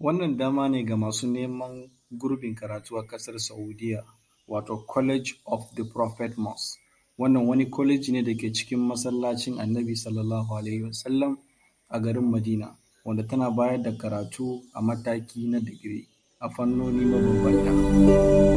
Wannan dama ne ga masu neman gurbin karatu a ƙasar Saudiya, wato College of the Prophet Mosque. Wannan wani college ne da ke cikin masallacin Annabi sallallahu Alaihi wasallam a garin Madina, wanda tana bayar da karatu a mataki na digiri a fannoni mabambanta.